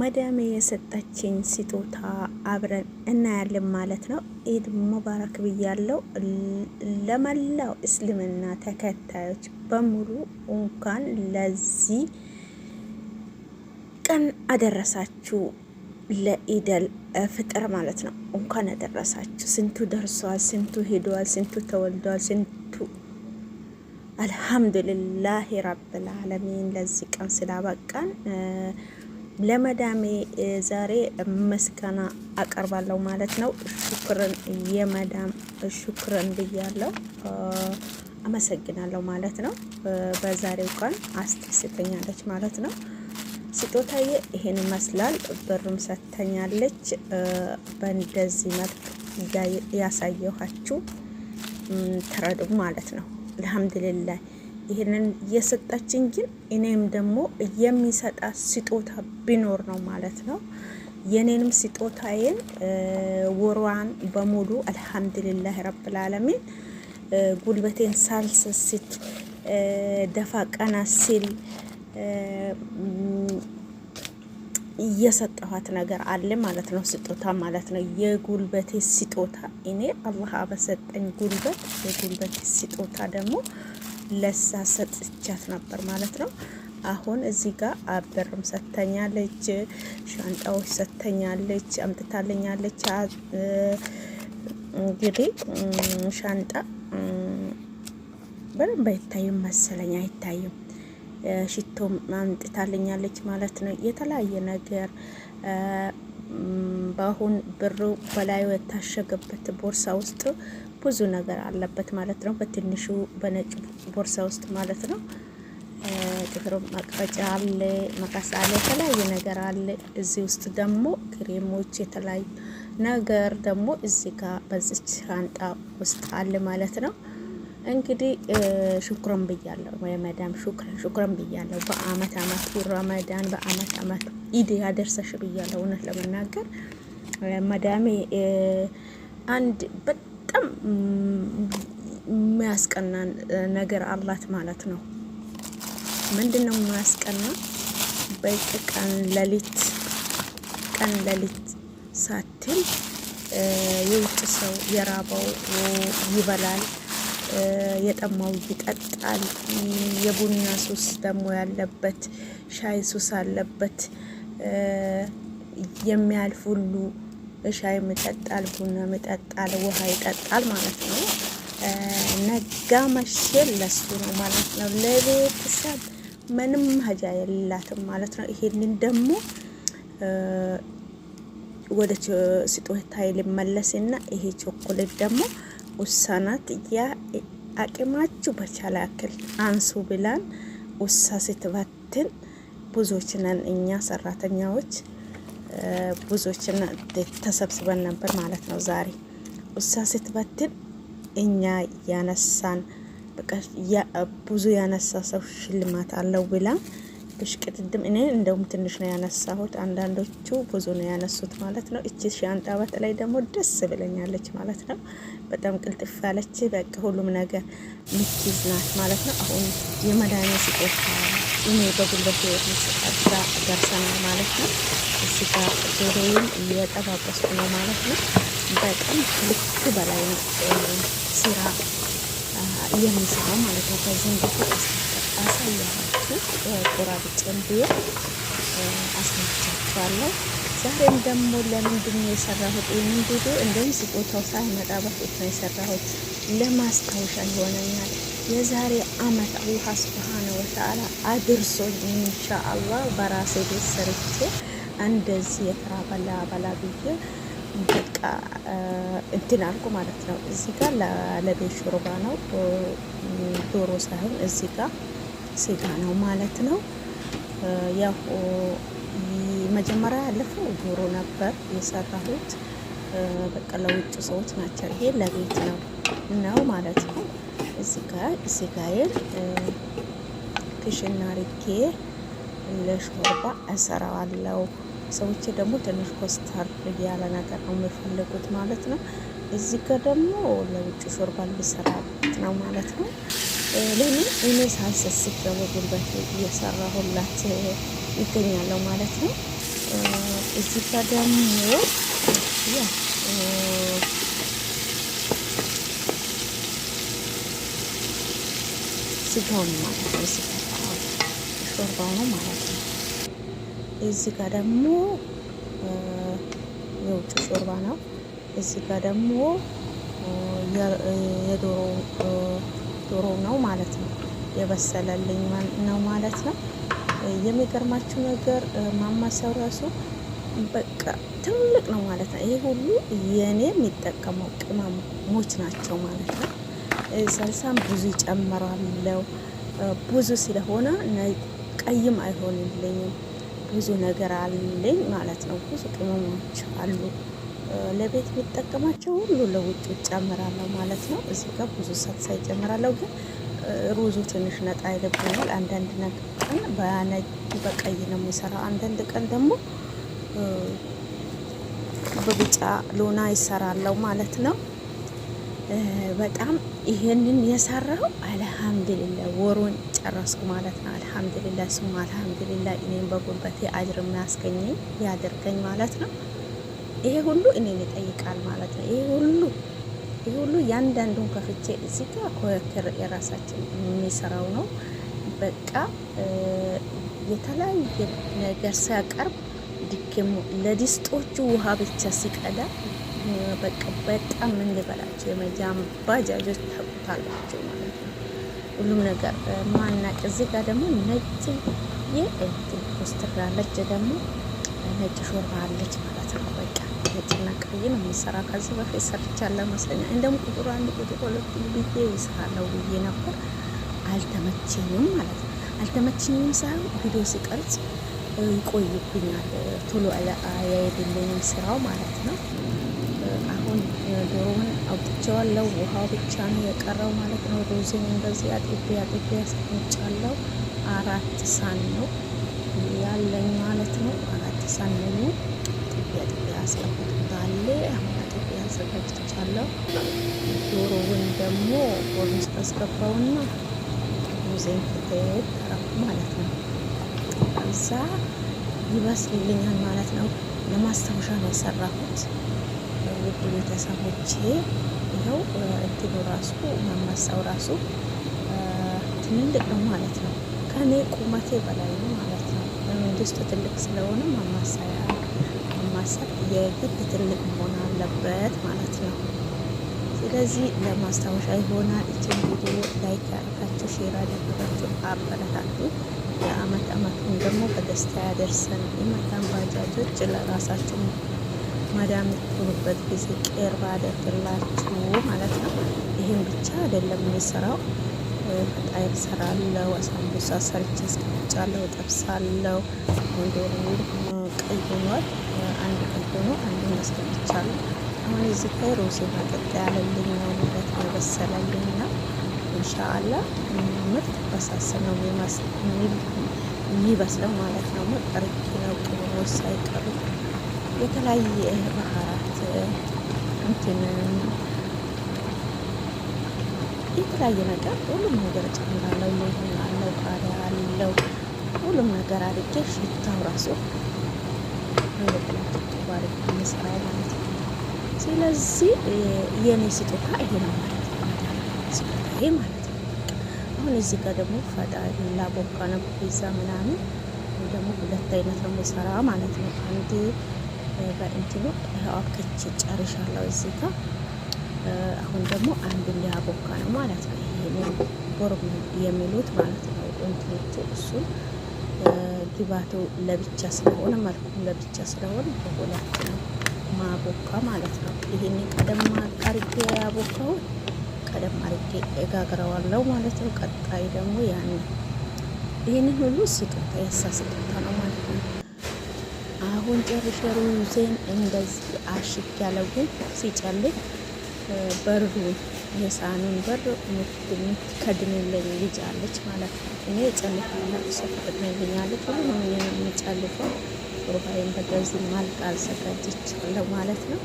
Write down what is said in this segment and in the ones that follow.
መዳሜ የሰጠችኝ ስጦታ አብረን እናያለን ማለት ነው። ኢድ ሙባረክ ብያለው ለመላው እስልምና ተከታዮች በሙሉ እንኳን ለዚህ ቀን አደረሳችሁ። ለኢደል ፍጥር ማለት ነው እንኳን አደረሳችሁ። ስንቱ ደርሷል፣ ስንቱ ሄደዋል፣ ስንቱ ተወልደዋል፣ ስንቱ አልሐምዱልላህ ረብል ለዚህ ቀን ስላበቃን ለመዳሜ ዛሬ ምስጋና አቀርባለሁ ማለት ነው። ሹክርን የመዳም ሹክርን ብያለሁ፣ አመሰግናለሁ ማለት ነው። በዛሬው ቀን አስደስተኛለች ማለት ነው። ስጦታዬ ይሄን ይመስላል። ብርም ሰጥተኛለች። በእንደዚህ መልክ ያሳየኋችሁ ትረዱ ማለት ነው። አልሐምዱሊላህ ይህንን እየሰጠችኝ ግን እኔም ደግሞ የሚሰጣት ስጦታ ቢኖር ነው ማለት ነው። የኔንም ስጦታዬን ወሯን በሙሉ አልሐምዱሊላህ ረብልዓለሚን ጉልበቴን ሳልሰስት ደፋ ቀና ሲል እየሰጠኋት ነገር አለ ማለት ነው። ስጦታ ማለት ነው። የጉልበቴ ስጦታ እኔ አላህ በሰጠኝ ጉልበት የጉልበቴ ስጦታ ደግሞ ለሳ ሰጥቻት ነበር ማለት ነው። አሁን እዚህ ጋር አብርም ሰተኛለች ሻንጣዎች ሰተኛለች፣ አምጥታለኛለች። እንግዲህ ሻንጣ በደንብ አይታይም መሰለኝ፣ አይታይም። ሽቶ አምጥታለኛለች ማለት ነው። የተለያየ ነገር በአሁን ብሩ በላዩ የታሸገበት ቦርሳ ውስጥ ብዙ ነገር አለበት ማለት ነው። በትንሹ በነጭ ቦርሳ ውስጥ ማለት ነው። ጥፍር መቅረጫ አለ፣ መቀስ አለ፣ የተለያየ ነገር አለ። እዚህ ውስጥ ደግሞ ክሬሞች፣ የተለያዩ ነገር ደግሞ እዚህ ጋር በዚች ሻንጣ ውስጥ አለ ማለት ነው። እንግዲህ ሹክረን ብያለሁ ወይ መዳም ሹክረን ሹክረን ብያለሁ። በአመት አመቱ ረመዳን በአመት አመቱ ኢድ ያደርሰሽ ብያለሁ። እውነት ለመናገር መዳሜ አንድ በጣም በጣም የሚያስቀና ነገር አላት ማለት ነው። ምንድን ነው የሚያስቀና? ቀን ለሊት ቀን ለሊት ሳትል የውጭ ሰው የራበው ይበላል፣ የጠማው ይጠጣል። የቡና ሱስ ደግሞ ያለበት ሻይ ሱስ አለበት የሚያልፍ ሁሉ ሻይም ይጠጣል፣ ቡናም ይጠጣል፣ ውሃ ይጠጣል ማለት ነው። ነጋ መሸ ለሱ ነው ማለት ነው። ለቤተሰብ ምንም ሀጃ የላትም ማለት ነው። ይሄንን ደግሞ ወደ ስጦታ ልመለስና ይሄ ቾኮሌት ደግሞ ውሳናት ያ አቅማችሁ በቻለ ያክል አንሱ ብላን ውሳ ስትበትን ብዙዎች ነን እኛ ሰራተኛዎች ብዙዎችን ተሰብስበን ነበር ማለት ነው። ዛሬ እሷ ስትበትን እኛ ያነሳን ብዙ ያነሳ ሰው ሽልማት አለው ብላ ብሽቅድድም እኔ እንደውም ትንሽ ነው ያነሳሁት። አንዳንዶቹ ብዙ ነው ያነሱት ማለት ነው። እቺ ሻንጣ በተለይ ደግሞ ደስ ብለኛለች ማለት ነው። በጣም ቅልጥፍ ያለች በቃ ሁሉም ነገር ምኪዝ ናት ማለት ነው። አሁን የመድኃኒት ስጦታ እኔ በጉልበት ህይወት ስራ ደርሰናል ማለት ነው። እዚህ ጋር ዶሮውን እየጠባበስኩ ነው ማለት ነው። በጣም ልክ በላይ ስራ እየምንሰራ ማለት ነው። ከዚህም በፊት አሳያችሁ ቆራርጬን ብዬ አሳያችኋለሁ። ዛሬም ደግሞ ለምንድን ነው የሰራሁት? ይህንን ቪዲዮ እንደዚህ ቦታው ሳይመጣ በፊት ነው የሰራሁት፣ ለማስታወሻ ይሆነኛል። የዛሬ አመት ውሃ ስብሃ ተዓላ አድርሶኝ ኢንሻአላህ በራሴ ቤት ሰርቼ እንደዚህ የተራበላ አበላ ብዬ በቃ እንትን አልኩ ማለት ነው። እዚህ ጋር ለቤት ሾርባ ነው ዶሮ ሳይሆን እዚህ ጋር ስጋ ነው ማለት ነው። ያው መጀመሪያ ያለፈው ዶሮ ነበር የሰራሁት። በቃ ለውጭ ሰዎች ናቸው። ይሄ ለቤት ነው ነው ማለት ነው። እዚህ ጋር እዚህ ክሽና አድርጌ ለሾርባ እሰራዋለሁ። ሰዎች ደግሞ ትንሽ ኮስተር ያለ ነገር ነው የሚፈልጉት ማለት ነው። እዚህ ጋር ደግሞ ለውጭ ሾርባ ልሰራበት ነው ማለት ነው። ለምን እኔ ሳልሰስት ደግሞ ጉልበት እየሰራሁላት ይገኛለሁ ማለት ነው። እዚህ ጋር ደግሞ ስጋውን ማለት ነው እየገባው ነው ማለት ነው። እዚህ ጋር ደግሞ የውጭ ሾርባ ነው። እዚህ ጋር ደግሞ የዶሮ ነው ማለት ነው። የበሰለልኝ ነው ማለት ነው። የሚገርማችሁ ነገር ማማሰብ ራሱ በቃ ትልቅ ነው ማለት ነው። ይሄ ሁሉ የእኔ የሚጠቀመው ቅመሞች ናቸው ማለት ነው። ሰልሳም ብዙ ይጨምራለው ብዙ ስለሆነ ቀይም አይሆንልኝም። ብዙ ነገር አለኝ ማለት ነው። ብዙ ቅመሞች አሉ ለቤት የሚጠቀማቸው ሁሉ ለውጭ ውጭ ጨምራለሁ ማለት ነው። እዚህ ጋር ብዙ ሰብሳይ ጨምራለሁ፣ ግን ሩዙ ትንሽ ነጣ ይልብኛል። አንዳንድ ቀን በነጭ በቀይ ነው የሚሰራው፣ አንዳንድ ቀን ደግሞ በቢጫ ሎና ይሰራለው ማለት ነው። በጣም ይሄንን የሰራው አልሐምድልላ ወሩን ጨረስኩ ማለት ነው። አልሐምድልላ ስሙ አልሐምድልላ እኔም በጉልበቴ አጅር የሚያስገኘኝ ያደርገኝ ማለት ነው። ይሄ ሁሉ እኔን ይጠይቃል ማለት ነው። ይሄ ሁሉ ይሄ ሁሉ ያንዳንዱን ከፍቼ እዚህ ጋ ኮክር የራሳችን የሚሰራው ነው። በቃ የተለያየ ነገር ሲያቀርብ ድክሙ ለዲስጦቹ ውሃ ብቻ ሲቀዳ በቃ በጣም ምን ልበላቸው የመጃም ባጃጆች ታውቁታላቸው ማለት ነው። ሁሉም ነገር ማናቅ። እዚህ ጋር ደግሞ ነጭ የእንትን ውስትራለች ደግሞ ነጭ ሾርባ አለች ማለት ነው። በቃ ነጭና ቀይ ነው የሚሰራ። ከዚህ በፊት ሰርቻለሁ መስለኛል። እንደም ቁጥሩ አንድ ቁጥር ሁለት ብዬ ይሰራለሁ ብዬ ነበር። አልተመቸኝም ማለት ነው። አልተመቸኝም ሳይሆን ቪዲዮ ሲቀርጽ ይቆይብኛል፣ ቶሎ አያሄድልኝም ስራው ማለት ነው። ዶሮውን አውጥቼዋለሁ። ውሃው ብቻ ነው የቀረው ማለት ነው። ሩዝን እንደዚህ አጥቤ አጥቤ ያስቀምጫለሁ። አራት ሳን ነው ያለኝ ማለት ነው። አራት ሳን ነው አጥቤ አጥቤ አስቀምጥኩታለሁ። አሁን አጥቤ አዘጋጅቻለሁ። ዶሮውን ደግሞ ኦቨን ውስጥ አስገባውና ሩዝን ፍትት ማለት ነው። እዛ ይበስልልኛል ማለት ነው። ለማስታወሻ ነው የሰራሁት። ውድ ቤተሰቦቼ ይኸው እንትኑ ራሱ መመሰው ራሱ ትንልቅ ነው ማለት ነው። ከእኔ ቁመቴ በላይ ነው ማለት ነው። በመንግስቱ ትልቅ ስለሆነ ማማሰያ ማማሰል የግድ ትልቅ መሆን አለበት ማለት ነው። ስለዚህ ለማስታወሻ ይሆናል። እችን ቪዲዮ ላይክ ያደረጋችሁ ሼር ያደረጋችሁ አበረታቱ። የአመት አመቱን ደግሞ በደስታ ያደርሰን። የመጣን ባጃጆች ለራሳችሁ ማዳም የምትሆኑበት ጊዜ ቄርባ አደርግላችሁ ማለት ነው። ይህን ብቻ አይደለም የሚሰራው ፈጣይር ሰራለው፣ አሳምቡሳ ሰርቼ አስቀምጫለሁ፣ ጠብሳለው። ወንዶሩ ቀይ ሆኗል። አንድ ቀይ ሆኖ አንዱን አስቀምጫለሁ። አሁን እዚህ ላይ ሮሴ መጠጥ ያለልኝ ነው ማለት ነው። የበሰለልኝ ነው። እንሻአላ ምርጥ በሳስ ነው የሚበስለው ማለት ነው። ምርጥ ነው ቅመሞች ሳይቀሩ የተለያየ ባህራት እንትን የተለያየ ነገር ሁሉም ነገር ጨምራለሁ። ሎሆን አለው ቃሪያ አለው ሁሉም ነገር አድርጌ ሽታው ራሱ ባሪ የምሰራው ማለት ነው። ስለዚህ የእኔ ስጦታ ይሄ ነው ማለት ነው። ስጦታ ይሄ ማለት ነው። አሁን እዚህ ጋር ደግሞ ፈጣሪ ላቦካ ነው ፒዛ ምናምን ደግሞ ሁለት አይነት ነው የምሰራ ማለት ነው አንዴ በእንትኑ አብክቼ ጨርሻለሁ እዚህ ጋር። አሁን ደግሞ አንድ ሊያቦካ ነው ማለት ነው። ይሄ ቦርብ የሚሉት ማለት ነው እንትኖቹ እሱን ግባቱ ለብቻ ስለሆነ መልኩ ለብቻ ስለሆነ በሁለት ነው ማቦካ ማለት ነው። ይሄን ቀደም አርጌ ያቦካው ቀደም አርጌ እጋግረዋለሁ ማለት ነው። ቀጣይ ደግሞ ያን ይሄንን ሁሉ ስጦታ የእሷ ስጦታ ነው። አሁን ጨርሼ ሩዝን እንደዚህ አሽግ ያለው ግን ሲጨልቅ በርዱ የሳኑን በር የምትከድንልኝ ልጅ አለች ማለት ነው። እኔ ጨልፋለሁ ሰፍጥነልኛለች ሁሉ ነው የምጨልፈው። ሩባይን በገዚህ ማልቅ አዘጋጅቻለሁ ማለት ነው።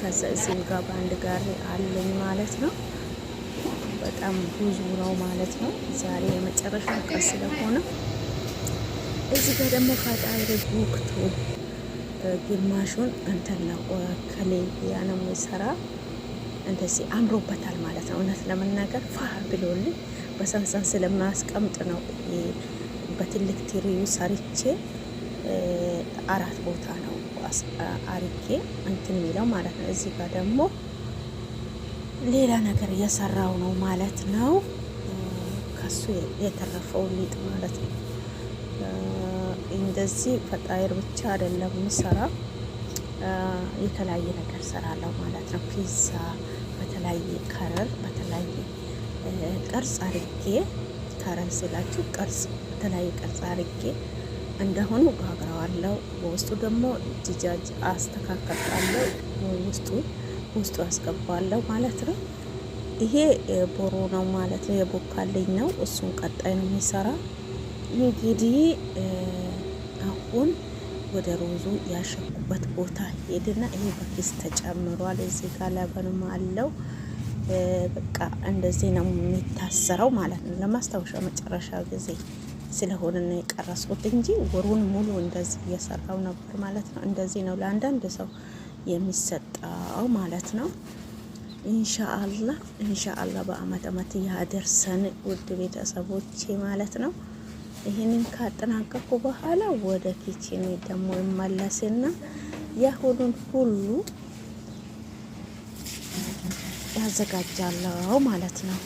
ከዛ እዚህም ጋር በአንድ ጋሪ አለኝ ማለት ነው። በጣም ብዙ ነው ማለት ነው። ዛሬ የመጨረሻ ቀን ስለሆነ እዚህ ጋር ደግሞ ፈጣሪ ቦክቶ ግማሹን እንትና ከሌ ያነው የሚሰራ እንደዚህ አምሮበታል ማለት ነው። እውነት ለመናገር ፋህ ብሎልኝ በሰንሰን ስለማያስቀምጥ ነው በትልቅ ትሪዩ ሰርቼ አራት ቦታ ነው አርጌ እንትን የሚለው ማለት ነው። እዚህ ጋር ደግሞ ሌላ ነገር እየሰራው ነው ማለት ነው። ከሱ የተረፈው ሊጥ ማለት ነው። እንደዚህ ፈጣይር ብቻ አይደለም የሚሰራ የተለያየ ነገር ሰራለሁ ማለት ነው። ፒዛ በተለያየ ከረር በተለያየ ቅርጽ አርጌ ከረር ስላችሁ ቅርጽ በተለያየ ቅርጽ አርጌ እንደሆኑ ጋግረዋለሁ። በውስጡ ደግሞ ጅጃጅ አስተካከላለሁ። ውስጡ ውስጡ አስገባለሁ ማለት ነው። ይሄ ቦሮ ነው ማለት ነው። የቦካልኝ ነው። እሱን ቀጣይ ነው የሚሰራ እንግዲህ አሁን ወደ ሮዙ ያሸኩበት ቦታ ሄድና ይሄ በኪስ ተጨምሯል። እዚህ ጋር ለበንም አለው በቃ እንደዚህ ነው የሚታሰረው ማለት ነው። ለማስታወሻ መጨረሻ ጊዜ ስለሆነ ነው የቀረስኩት እንጂ ወሩን ሙሉ እንደዚህ እየሰራው ነበር ማለት ነው። እንደዚህ ነው ለአንዳንድ ሰው የሚሰጠው ማለት ነው። ኢንሻአላህ ኢንሻአላህ በአመት አመት ያደርሰን ውድ ቤተሰቦቼ ማለት ነው። ይህንን ካጠናቀቁ በኋላ ወደ ኪችን ደግሞ ይመለስና የሁሉን ሁሉ ያዘጋጃለው ማለት ነው።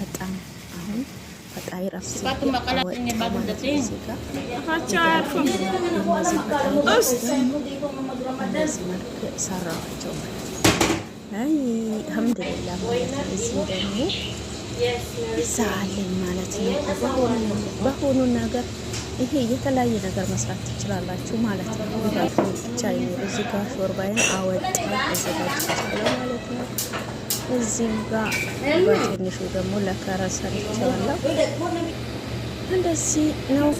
በጣም አሁን ፈጣሪ ራሱ ሰራዋቸው አልሐምዱሊላህ ማለት ነው። እዚህ ደግሞ ይሳለኝ ማለት ነው። በሆኑ ነገር ይሄ የተለያየ ነገር መስራት ትችላላችሁ ማለት ነው። ብቻ እዚህ ጋር ሾርባይን አወጣ አዘጋጅቻለሁ ማለት ነው። እዚህም ጋር በትንሹ ደግሞ ለከረሰር ይችላለሁ እንደዚህ ነው።